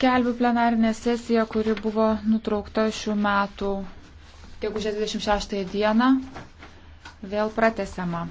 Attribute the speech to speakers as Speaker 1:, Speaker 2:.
Speaker 1: Kelbiu plenarinę sesiją, kuri buvo nutraukta šių metų gegužės 26 dieną, vėl pratesiama.